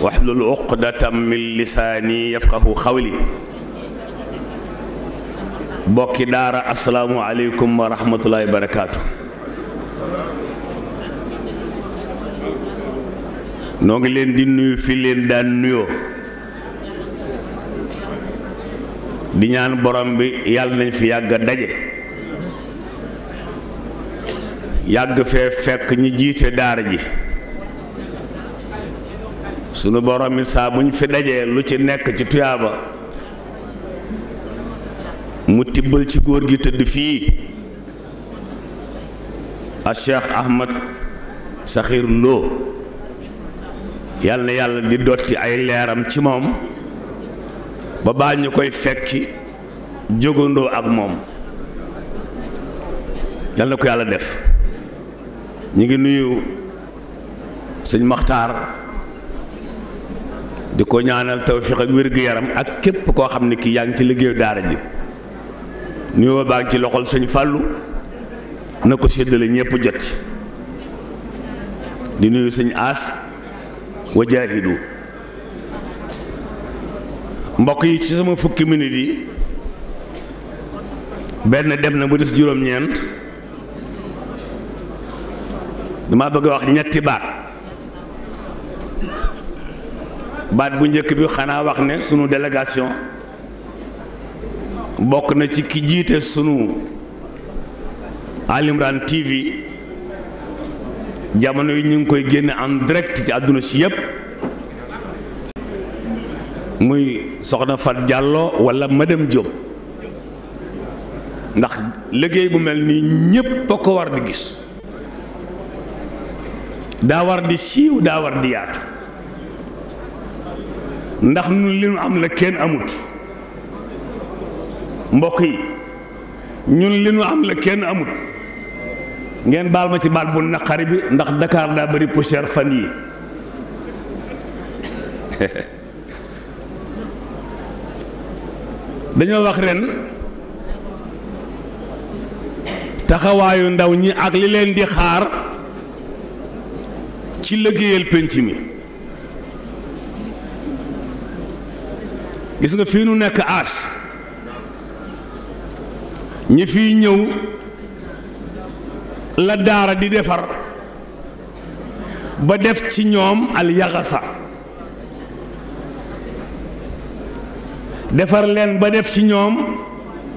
waxlul uqdatam min lisaani yafqahu xawli bokki daara asalaamu aleykum wa rahmatullahi wa barakaatu noo ngi leen di nuyu fi leen daan nuyoo di ñaan borom bi yàlla nañ fi yàgg daje yàgg fee fekk ñi jiite daara ji sunu borom mi saa buñ fi dajee lu ci nekk ci tuyaaba mu tibbal ci góor gi tëdd fii a Cheikh Ahmad Saxiir Lo yàlla na yàlla di dotti ay leeram ci moom ba baa ñu koy fekki jógandoo ak moom yal na ko yàlla def ñu ngi nuyu sëñ Maxtaar di ko ñaanal tawfiq ak wér-gu-yaram ak képp koo xam ne kii yaa ngi ci liggéeyu daara ji nuyoo baa ngi ci loxol sëñ fàllu na ko séddale ñëpp jot ci di nuyu sëñ aas wajaahidu mbokk yi ci sama fukki minit yi benn dem na bu des juróom-ñeent dama bëgg a wax ñetti baat baat bu njëkk bi xanaa wax ne sunu délégation bokk na ci ki jiite sunu Alimran TV jamono yi ñu ngi koy génne en direct ci àdduna si yëpp muy soxna Fat Diallo wala madame Diop ndax liggéey bu mel ni ñépp a ko war di gis daa war di siiw daa war di yaatu ndax nun li nu am la kenn amut mbokk yi ñun li nu am la kenn amut ngeen baal ma ci baat bu naqari bi ndax Dakar daa bari poussière fan yi dañoo wax ren taxawaayu ndaw ñi ak li leen di xaar ci liggéeyal pénc mi gis nga fi nu nekk aas ñi fiy ñëw la daara di defar ba def ci ñoom al yaxasa defar leen ba def ci ñoom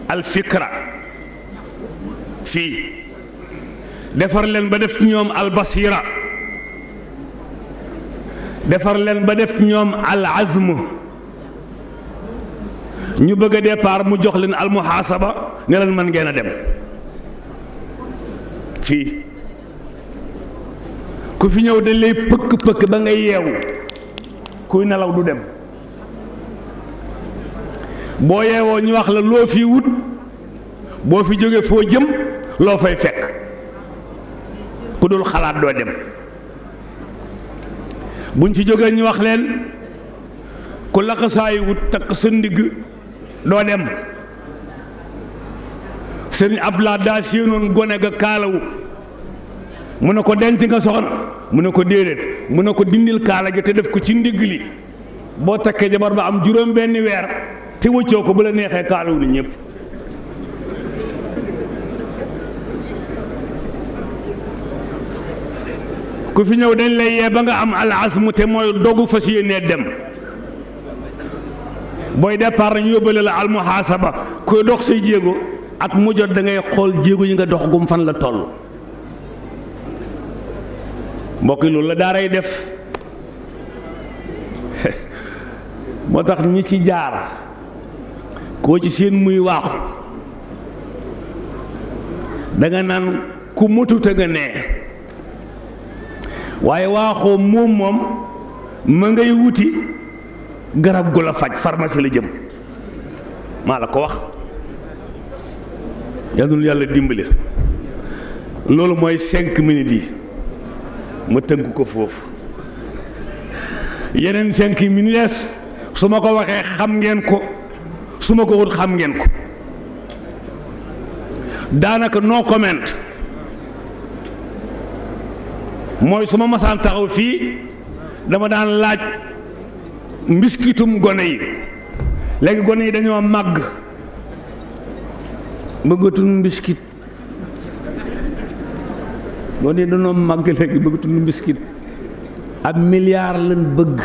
al fikra fii defar leen ba def ci ñoom al basira defar leen ba def ci ñoom al ñu bëgg a départ mu jox leen almuhaasaba ne leen man ngeen a dem fii ku fi ñëw dañ lay pëkk pëkk ba ngay yeewu kuy nelaw du dem boo yeewoo ñu wax la loo fi wut boo fi jógee foo jëm loo fay fekk ku dul xalaat doo dem buñ ci jógee ñu wax leen ku laxasaayu wut takk sa ndigg doo dem sëriñ Abdoulaye daa séenoon gone ga kaalawu mu ne ko denc nga soxna mu ne ko déedéet mu ne ko dindil kaala gi te def ko ci ndigg li boo takkee jabar ba am juróom benn weer te wëccoo ko bu la neexee kaalawu ni ñépp ku fi ñëw dañ lay yee ba nga am al asmu te mooy dogu fas yéenee dem booy départ ñu yóbbale la almuhaasaba koy dox say jéego at mu jot da xool jéego yi nga dox gum fan la toll mbokk yi loolu la daaray def moo tax ñi ci jaar koo ci seen muy waaxu danga naan ku matuta nga nee waaye waaxoo moom moom ma ngay wuti garab gu la faj pharmacie la jëm maa la ko wax yàlla yàlla dimbali loolu mooy cinq minutes yi ma tënk ko foofu yeneen cinq minutes su ma ko waxee xam ngeen ko su ma ko wut xam ngeen ko daanaka no comment mooy su ma masaan taxaw fii dama daan laaj mbiskitum gone yi léegi gone yi dañoo màgg bëggatul mbiskit gone yi dañoo màgg léegi bëggatul mbiskit ab milliard lañ bëgg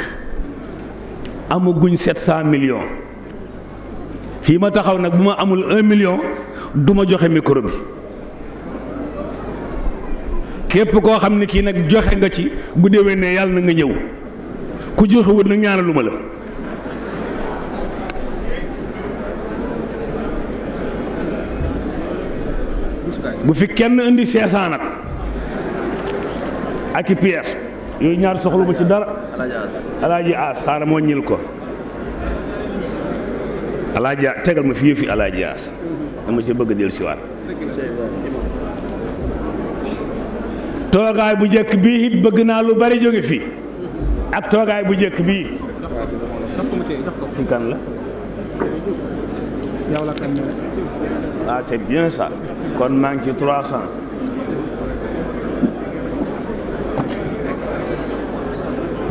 amaguñ sept cent millions fii ma taxaw nag bu ma amul un million duma ma joxe micro bi képp koo xam ne kii nag joxe nga ci bu déwénee yàlla na nga ñëw ku joxe woon nag ñaana lu ma la bu fi kenn indi cinq cent ak i pièces yooyu ñaar soxlu ci dara alaaji aas xaaral moo ñil ko alaaji aas tegal ma fi yëfi alaaji aas dama ci bëgg a dellu siwaat toogaay bu njëkk bii bëgg naa lu bari jóge fii ak toogaay bu njëkk bii. kan la. ah bien ça. kon maa ngi ci trois cent.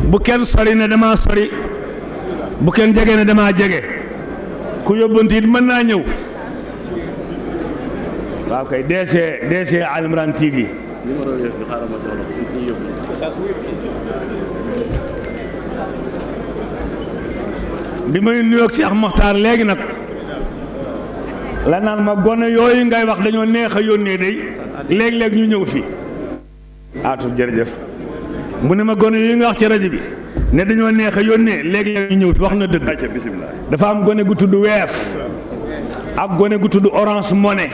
bu kenn sori ne dama sori. bu kenn jege ne dama jege. ku yóbbanti it mën naa ñëw. waaw kay DC DC TV. bi may nuyoog Cheikh Mokhtar léegi nag la naan ma gone yooyu ngay wax dañoo neex a yónnee day léeg-léeg ñu ñëw fii aatu jërëjëf mu ne ma gone yooyu nga wax ci rajo bi ne dañoo neex yónnee léeg-léeg ñu ñëw fi wax na dëgg dafa am gone gu du weef ak gone gu tudd orange money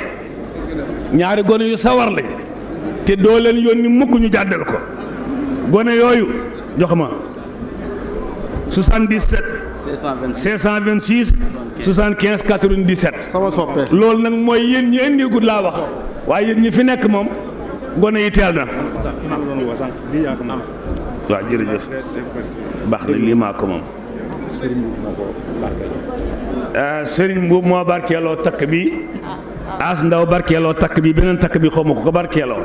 ñaari gone yu sawar lañ te doo leen yónni mukk ñu jàddal ko gone yooyu jox ma 526 75 97 sama soppe loolu nag mooy yéen ñi indigut laa wax waaye yéen ñi fi nekk moom gone yi teel na waaw jërëjëf baax na lii maa ko moom eh, sëriñ mbuub moo barkeeloo takk bi as ndaw barkeeloo takk bi beneen takk bi xaw ma ko ko barkeeloo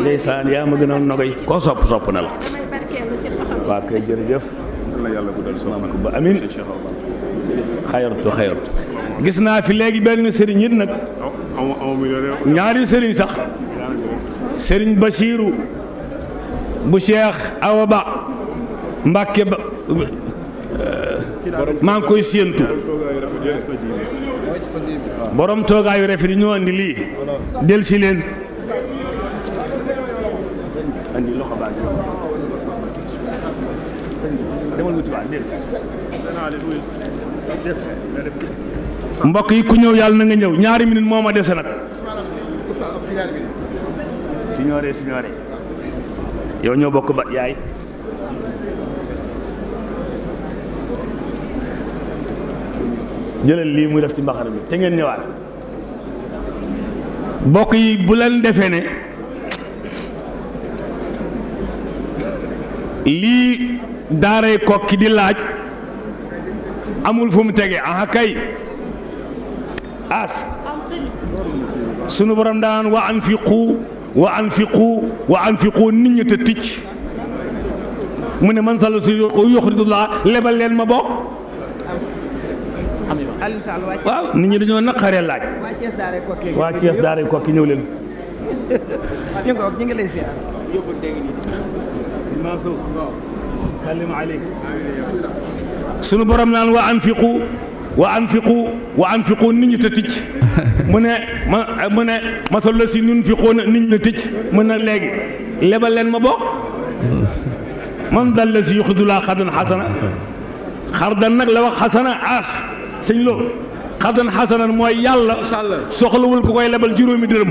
ndeysaan yaa ma gën a nogoy koo sopp sopp na la waa kay amin xayartu xayartu gis naa fi léegi benn sëriñ it nag ñaari sëriñ sax sëriñ Basiiru bu Cheikh Awa Ba maa koy séentu borom toogaayu rafet yi ñoo andi lii del mbokk yi ku ñëw yàlla na nga ñëw ñaari minute moo ma dese nag signore signore yow ñoo bokk yaay jëlal lii muy def ci mbaxana mi te ngeen ñëwaat mbokk yi bu leen defee ne lii daaray kokki di laaj amul fu mu tege ah kay as sunu borom daan wa anfiqu wa anfiqu wa anfiqu nit ñi te ticc mu ne man sala si yuxridullah lebal leen ma bokk waaw nit ñi dañoo naqaree laaj. waa Thiès Daaray Kokki ñëw leen. ñu ngi lay ziar. sunu borom naan wa anfiqu wa anfiqu wa anfiqu nit ñi te ticc mu ne ma mu ne masal la si nun fi xoona ticc mu ne léegi lebal leen ma bokk man dal la si yuxidulaa xardan xasana xardan nag la xasana aas sëñ Lo xasan xasanan mooy yàlla soxlawul ko koy lebal juróomi dërëm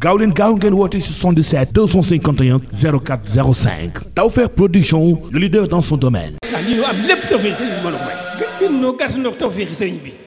gaaw leen gaaw ngeen woote si 77 251 04 05 Tawfekh Production le leader dans son domaine. ah am lépp tawfeex sëriñ bi mën a may. gën noo gàtt noo